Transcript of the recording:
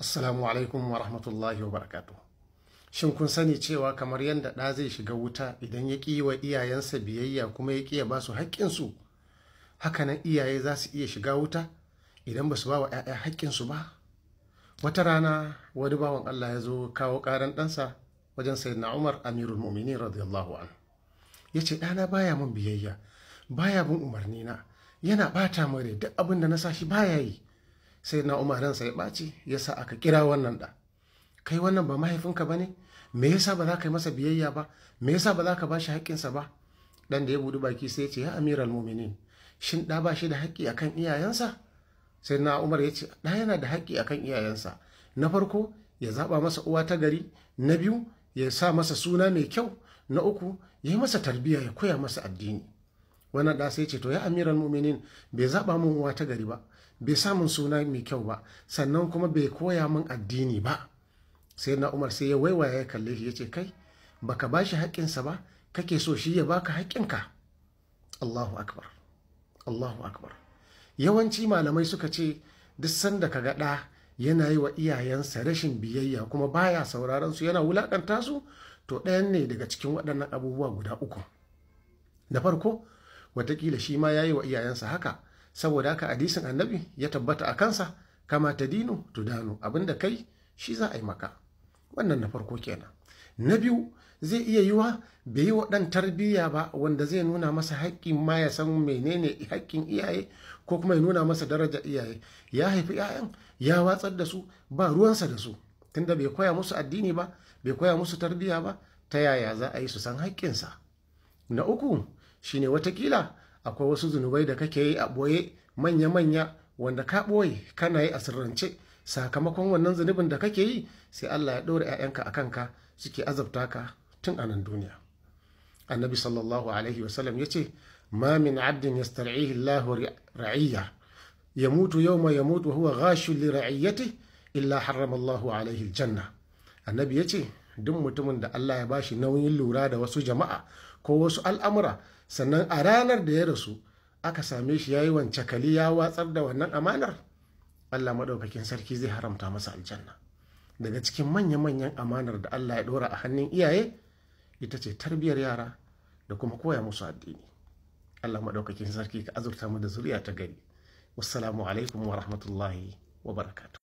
Assalamu alaikum wa rahmatullahi wa barakatu. Shin kun sani cewa kamar yadda ɗa zai shiga wuta idan ya ƙi wa iyayensa biyayya kuma ya ƙi ya ba su haƙƙinsu? Hakanan iyaye za su iya shiga wuta idan ba su ba wa ‘ya'ya haƙƙinsu ba? Wata rana wani bawan Allah ya zo kawo ƙaran ɗansa wajen Sayyidina Umar Amirul Mumini radiyallahu an. Ya ce ɗana baya min biyayya, baya bin umarnina, yana ɓata mare duk abin da na sa shi baya yi. sai na umar ransa ya ɓaci ya sa aka kira wannan da. kai wannan ba mahaifinka ba ne me yasa ba za ka yi masa biyayya ba me yasa ba za ka ba shi haƙƙinsa ba dan da ya buɗi baki sai ya ce ya amiral muminin shin ɗa ba shi da haƙƙi akan iyayensa sai na umar ya ce ɗa yana da haƙƙi akan iyayensa na farko ya zaɓa masa uwa ta gari na biyu ya sa masa suna mai kyau na uku ya yi masa tarbiyya ya koya masa addini wannan da sai ce to ya amiran mu'minin bai zaɓa mun uwa ta gari ba bai sa mun suna mai kyau ba sannan kuma bai koya mun addini ba sai na umar sai ya waiwaya ya kalle shi ya ce kai baka ba shi haƙƙinsa ba kake so shi ya baka haƙƙinka allahu akbar allahu akbar yawanci malamai suka ce duk sanda ka gaɗa ɗa yana yi wa iyayensa rashin biyayya kuma baya sauraron su yana wulakanta su to ɗayan ne daga cikin waɗannan abubuwa guda uku Da farko watakila shi ma ya yi wa iyayensa haka saboda haka hadisin annabi ya tabbata a kansa kama ta dino tudano abinda kai shi za a yi maka wannan na farko kenan na biyu zai iya yiwa bai yi waɗan tarbiyya ba wanda zai nuna masa haƙƙin ma ya san menene haƙƙin iyaye ko kuma ya nuna masa daraja iyaye ya haifi 'ya'yan ya watsar da su ba ruwansa da su tunda bai koya musu addini ba bai koya musu tarbiyya ba ta yaya za a yi su san haƙƙinsa na uku shine watakila akwai wasu zunubai da kake yi a ɓoye manya-manya wanda ka ɓoye kana yi a sirrance sakamakon wannan zunubin da kake yi sai Allah ya ɗora 'ya'yanka a kanka suke azabta ka tun a nan duniya annabi sallallahu alaihi wasallam ya ce ma min abdin yastar'ihi Allah ra'iyya mutu ya mutu huwa ghashun li ra'iyyati illa harrama Allah alaihi janna annabi ya ce duk mutumin da Allah ya bashi nauyin lura da wasu jama'a ko wasu al'amura sannan a ranar da ya rasu aka same shi ya yi wancakali kali ya watsar da wannan amanar Allah maɗaukakin sarki zai haramta masa aljanna daga cikin manya-manyan amanar da Allah ya ɗora a hannun iyaye ita ce tarbiyyar yara da kuma koya musu addini Allah maɗaukakin sarki ka azurta mu da zuriya ta gari wassalamu alaikum wa rahmatullahi wa barakatuh